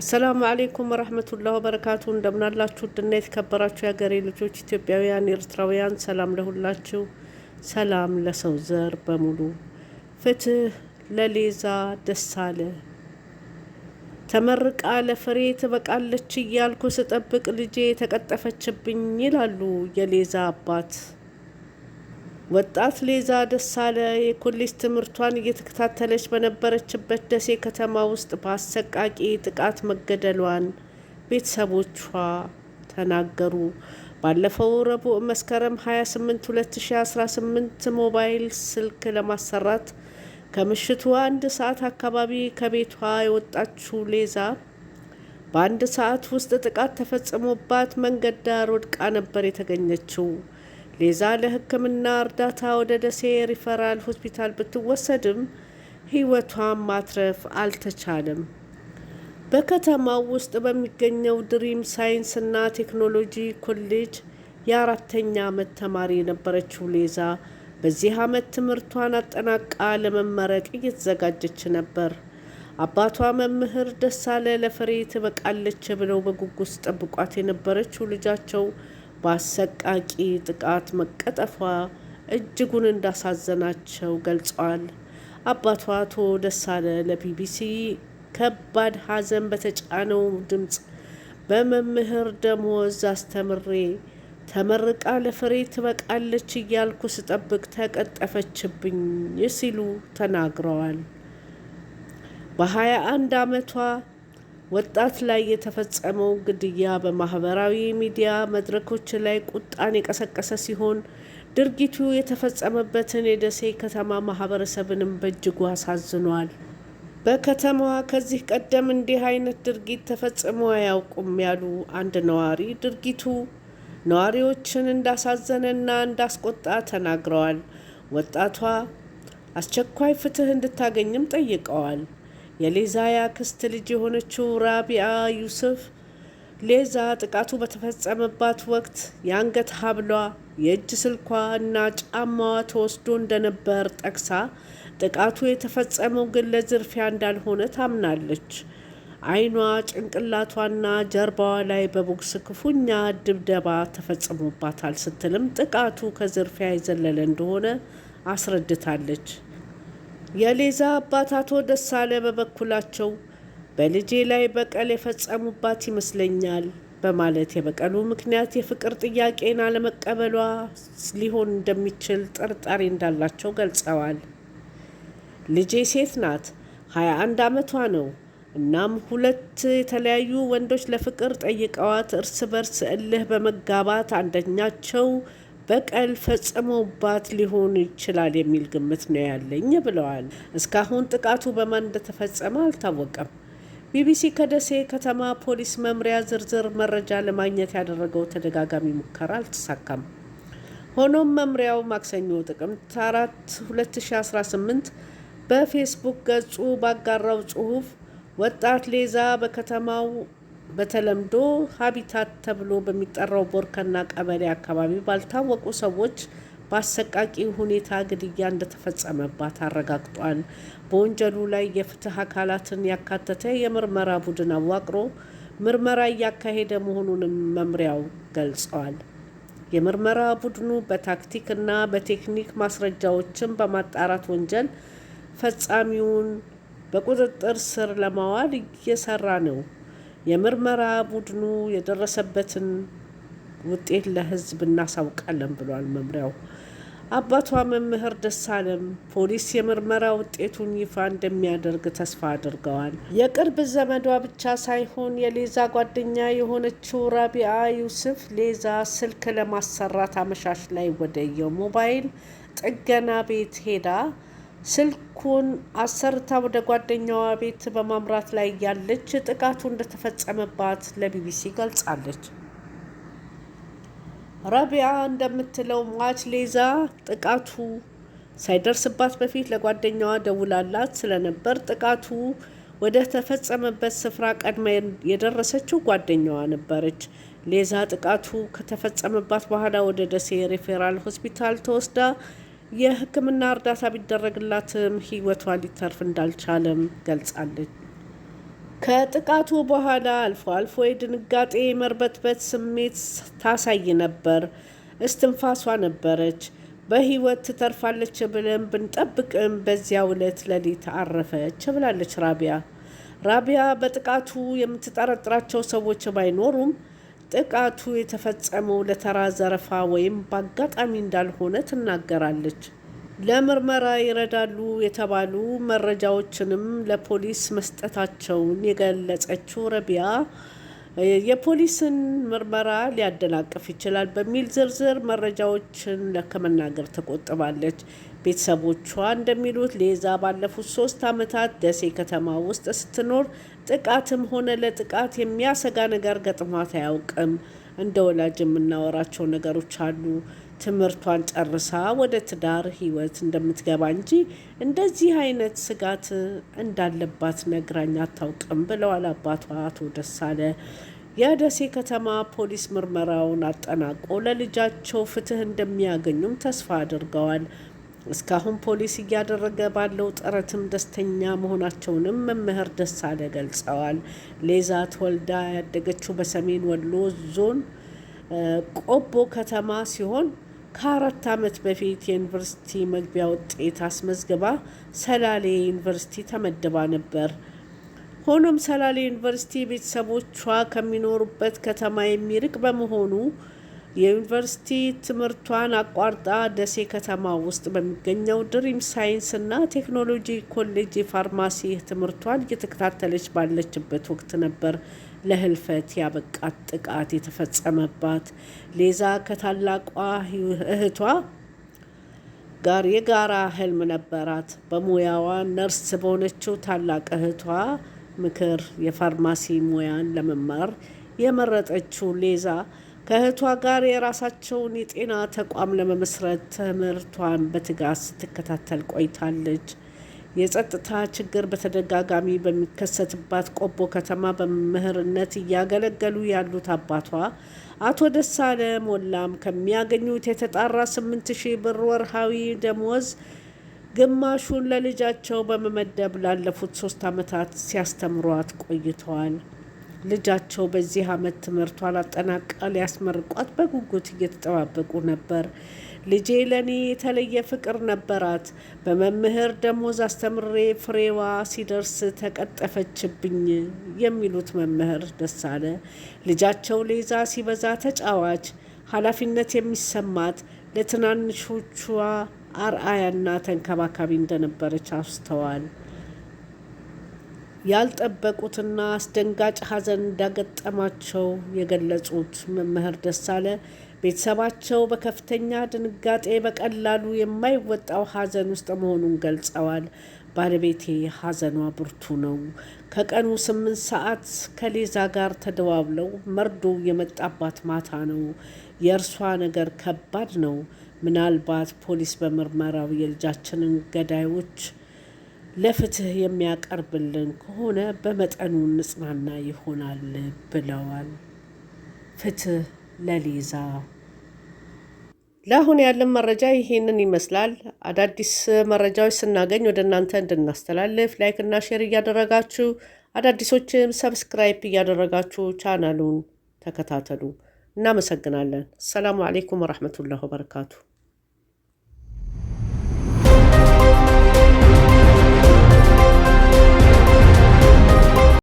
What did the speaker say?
አሰላሙ አሌይኩም ወረህመቱላህ ወበረካቱ። እንደምናላችሁ ድና የተከበራችሁ የሀገሬ ልጆች ኢትዮጵያውያን፣ ኤርትራውያን፣ ሰላም ለሁላችሁ፣ ሰላም ለሰው ዘር በሙሉ። ፍትህ ለሌዛ ደሳለ ተመርቃ ለፍሬ ትበቃለች እያልኩ ስጠብቅ ልጄ የተቀጠፈችብኝ ይላሉ የሌዛ አባት። ወጣት ሌዛ ደሳለ የኮሌጅ ትምህርቷን እየተከታተለች በነበረችበት ደሴ ከተማ ውስጥ በአሰቃቂ ጥቃት መገደሏን ቤተሰቦቿ ተናገሩ። ባለፈው ረቡዕ መስከረም 28 2018 ሞባይል ስልክ ለማሰራት ከምሽቱ አንድ ሰዓት አካባቢ ከቤቷ የወጣችው ሌዛ በአንድ ሰዓት ውስጥ ጥቃት ተፈጽሞባት መንገድ ዳር ወድቃ ነበር የተገኘችው። ሌዛ ለሕክምና እርዳታ ወደ ደሴ ሪፈራል ሆስፒታል ብትወሰድም ሕይወቷን ማትረፍ አልተቻለም። በከተማው ውስጥ በሚገኘው ድሪም ሳይንስ እና ቴክኖሎጂ ኮሌጅ የአራተኛ ዓመት ተማሪ የነበረችው ሌዛ በዚህ ዓመት ትምህርቷን አጠናቃ ለመመረቅ እየተዘጋጀች ነበር። አባቷ መምህር ደሳለ ለፍሬ ትበቃለች ብለው በጉጉት ጠብቋት የነበረችው ልጃቸው በአሰቃቂ ጥቃት መቀጠፏ እጅጉን እንዳሳዘናቸው ገልጿል። አባቷ አቶ ደሳለ ለቢቢሲ ከባድ ሐዘን በተጫነው ድምፅ በመምህር ደሞዝ አስተምሬ ተመርቃ ለፍሬ ትበቃለች እያልኩ ስጠብቅ ተቀጠፈችብኝ ሲሉ ተናግረዋል። በሀያ አንድ ዓመቷ ወጣት ላይ የተፈጸመው ግድያ በማህበራዊ ሚዲያ መድረኮች ላይ ቁጣን የቀሰቀሰ ሲሆን ድርጊቱ የተፈጸመበትን የደሴ ከተማ ማህበረሰብንም በእጅጉ አሳዝኗል። በከተማዋ ከዚህ ቀደም እንዲህ አይነት ድርጊት ተፈጽሞ አያውቁም ያሉ አንድ ነዋሪ ድርጊቱ ነዋሪዎችን እንዳሳዘነና እንዳስቆጣ ተናግረዋል። ወጣቷ አስቸኳይ ፍትህ እንድታገኝም ጠይቀዋል። የሌዛ ያክስት ልጅ የሆነችው ራቢያ ዩስፍ ሌዛ ጥቃቱ በተፈጸመባት ወቅት የአንገት ሀብሏ፣ የእጅ ስልኳ እና ጫማዋ ተወስዶ እንደነበር ጠቅሳ ጥቃቱ የተፈጸመው ግን ለዝርፊያ እንዳልሆነ ታምናለች። አይኗ፣ ጭንቅላቷና ጀርባዋ ላይ በቦክስ ክፉኛ ድብደባ ተፈጽሞባታል ስትልም ጥቃቱ ከዝርፊያ የዘለለ እንደሆነ አስረድታለች። የሌዛ አባት አቶ ደሳለ በበኩላቸው በልጄ ላይ በቀል የፈጸሙባት ይመስለኛል በማለት የበቀሉ ምክንያት የፍቅር ጥያቄን አለመቀበሏ ሊሆን እንደሚችል ጥርጣሬ እንዳላቸው ገልጸዋል። ልጄ ሴት ናት፣ 21 ዓመቷ ነው። እናም ሁለት የተለያዩ ወንዶች ለፍቅር ጠይቀዋት እርስ በርስ እልህ በመጋባት አንደኛቸው በቀል ፈጽሞባት ሊሆን ይችላል የሚል ግምት ነው ያለኝ ብለዋል። እስካሁን ጥቃቱ በማን እንደተፈጸመ አልታወቀም። ቢቢሲ ከደሴ ከተማ ፖሊስ መምሪያ ዝርዝር መረጃ ለማግኘት ያደረገው ተደጋጋሚ ሙከራ አልተሳካም። ሆኖም መምሪያው ማክሰኞ ጥቅምት 4 2018 በፌስቡክ ገጹ ባጋራው ጽሑፍ ወጣት ሌዛ በከተማው በተለምዶ ሀቢታት ተብሎ በሚጠራው ቦርከና ቀበሌ አካባቢ ባልታወቁ ሰዎች በአሰቃቂ ሁኔታ ግድያ እንደተፈጸመባት አረጋግጧል። በወንጀሉ ላይ የፍትህ አካላትን ያካተተ የምርመራ ቡድን አዋቅሮ ምርመራ እያካሄደ መሆኑንም መምሪያው ገልጸዋል። የምርመራ ቡድኑ በታክቲክ እና በቴክኒክ ማስረጃዎችን በማጣራት ወንጀል ፈጻሚውን በቁጥጥር ስር ለማዋል እየሰራ ነው የምርመራ ቡድኑ የደረሰበትን ውጤት ለህዝብ እናሳውቃለን ብሏል መምሪያው። አባቷ መምህር ደሳለም ፖሊስ የምርመራ ውጤቱን ይፋ እንደሚያደርግ ተስፋ አድርገዋል። የቅርብ ዘመዷ ብቻ ሳይሆን የሌዛ ጓደኛ የሆነችው ራቢአ ዩስፍ ሌዛ ስልክ ለማሰራት አመሻሽ ላይ ወደ የሞባይል ጥገና ቤት ሄዳ ስልኩን አሰርታ ወደ ጓደኛዋ ቤት በማምራት ላይ ያለች ጥቃቱ እንደተፈጸመባት ለቢቢሲ ገልጻለች። ረቢያ እንደምትለው ሟች ሌዛ ጥቃቱ ሳይደርስባት በፊት ለጓደኛዋ ደውላላት ስለነበር ጥቃቱ ወደ ተፈጸመበት ስፍራ ቀድማ የደረሰችው ጓደኛዋ ነበረች። ሌዛ ጥቃቱ ከተፈጸመባት በኋላ ወደ ደሴ ሪፌራል ሆስፒታል ተወስዳ የሕክምና እርዳታ ቢደረግላትም ህይወቷ ሊተርፍ እንዳልቻለም ገልጻለች። ከጥቃቱ በኋላ አልፎ አልፎ የድንጋጤ መርበትበት ስሜት ታሳይ ነበር። እስትንፋሷ ነበረች። በህይወት ትተርፋለች ብለን ብንጠብቅም በዚያ ዕለት ሌሊት አረፈች ብላለች ራቢያ። ራቢያ በጥቃቱ የምትጠረጥራቸው ሰዎች ባይኖሩም ጥቃቱ የተፈጸመው ለተራ ዘረፋ ወይም በአጋጣሚ እንዳልሆነ ትናገራለች። ለምርመራ ይረዳሉ የተባሉ መረጃዎችንም ለፖሊስ መስጠታቸውን የገለጸችው ረቢያ የፖሊስን ምርመራ ሊያደናቅፍ ይችላል በሚል ዝርዝር መረጃዎችን ከመናገር ተቆጥባለች። ቤተሰቦቿ እንደሚሉት ሌዛ ባለፉት ሶስት ዓመታት ደሴ ከተማ ውስጥ ስትኖር ጥቃትም ሆነ ለጥቃት የሚያሰጋ ነገር ገጥሟት አያውቅም። እንደ ወላጅ የምናወራቸው ነገሮች አሉ። ትምህርቷን ጨርሳ ወደ ትዳር ህይወት እንደምትገባ እንጂ እንደዚህ አይነት ስጋት እንዳለባት ነግራኝ አታውቅም ብለዋል አባቷ አቶ ደሳለ። የደሴ ከተማ ፖሊስ ምርመራውን አጠናቆ ለልጃቸው ፍትህ እንደሚያገኙም ተስፋ አድርገዋል። እስካሁን ፖሊስ እያደረገ ባለው ጥረትም ደስተኛ መሆናቸውንም መምህር ደሳለ ገልጸዋል። ሌዛ ተወልዳ ያደገችው በሰሜን ወሎ ዞን ቆቦ ከተማ ሲሆን ከአራት ዓመት በፊት የዩኒቨርሲቲ መግቢያ ውጤት አስመዝግባ ሰላሌ ዩኒቨርሲቲ ተመድባ ነበር። ሆኖም ሰላሌ ዩኒቨርሲቲ ቤተሰቦቿ ከሚኖሩበት ከተማ የሚርቅ በመሆኑ የዩኒቨርሲቲ ትምህርቷን አቋርጣ ደሴ ከተማ ውስጥ በሚገኘው ድሪም ሳይንስና ቴክኖሎጂ ኮሌጅ የፋርማሲ ትምህርቷን እየተከታተለች ባለችበት ወቅት ነበር ለህልፈት ያበቃት ጥቃት የተፈጸመባት። ሌዛ ከታላቋ እህቷ ጋር የጋራ ህልም ነበራት። በሙያዋ ነርስ በሆነችው ታላቅ እህቷ ምክር የፋርማሲ ሙያን ለመማር የመረጠችው ሌዛ ከእህቷ ጋር የራሳቸውን የጤና ተቋም ለመመስረት ትምህርቷን በትጋት ስትከታተል ቆይታለች። የጸጥታ ችግር በተደጋጋሚ በሚከሰትባት ቆቦ ከተማ በመምህርነት እያገለገሉ ያሉት አባቷ አቶ ደሳለ ሞላም ከሚያገኙት የተጣራ ስምንት ሺህ ብር ወርሃዊ ደሞዝ ግማሹን ለልጃቸው በመመደብ ላለፉት ሶስት ዓመታት ሲያስተምሯት ቆይተዋል። ልጃቸው በዚህ አመት ትምህርቷን አጠናቃ ሊያስመርቋት በጉጉት እየተጠባበቁ ነበር። ልጄ ለእኔ የተለየ ፍቅር ነበራት። በመምህር ደሞዝ አስተምሬ ፍሬዋ ሲደርስ ተቀጠፈችብኝ የሚሉት መምህር ደሳለ ልጃቸው ሌዛ ሲበዛ ተጫዋች፣ ኃላፊነት የሚሰማት ለትናንሾቿ አርአያና ተንከባካቢ እንደነበረች አውስተዋል። ያልጠበቁትና አስደንጋጭ ሐዘን እንዳገጠማቸው የገለጹት መምህር ደሳለ ቤተሰባቸው በከፍተኛ ድንጋጤ በቀላሉ የማይወጣው ሐዘን ውስጥ መሆኑን ገልጸዋል። ባለቤቴ ሐዘኗ ብርቱ ነው። ከቀኑ ስምንት ሰዓት ከሌዛ ጋር ተደዋብለው መርዶ የመጣባት ማታ ነው። የእርሷ ነገር ከባድ ነው። ምናልባት ፖሊስ በምርመራው የልጃችንን ገዳዮች ለፍትህ የሚያቀርብልን ከሆነ በመጠኑ ንጽናና ይሆናል ብለዋል። ፍትህ ለሊዛ። ለአሁን ያለን መረጃ ይሄንን ይመስላል። አዳዲስ መረጃዎች ስናገኝ ወደ እናንተ እንድናስተላልፍ ላይክ እና ሼር እያደረጋችሁ አዳዲሶችም ሰብስክራይብ እያደረጋችሁ ቻናሉን ተከታተሉ። እናመሰግናለን። አሰላሙ አሌይኩም ወረሕመቱላሁ ወበረካቱሁ።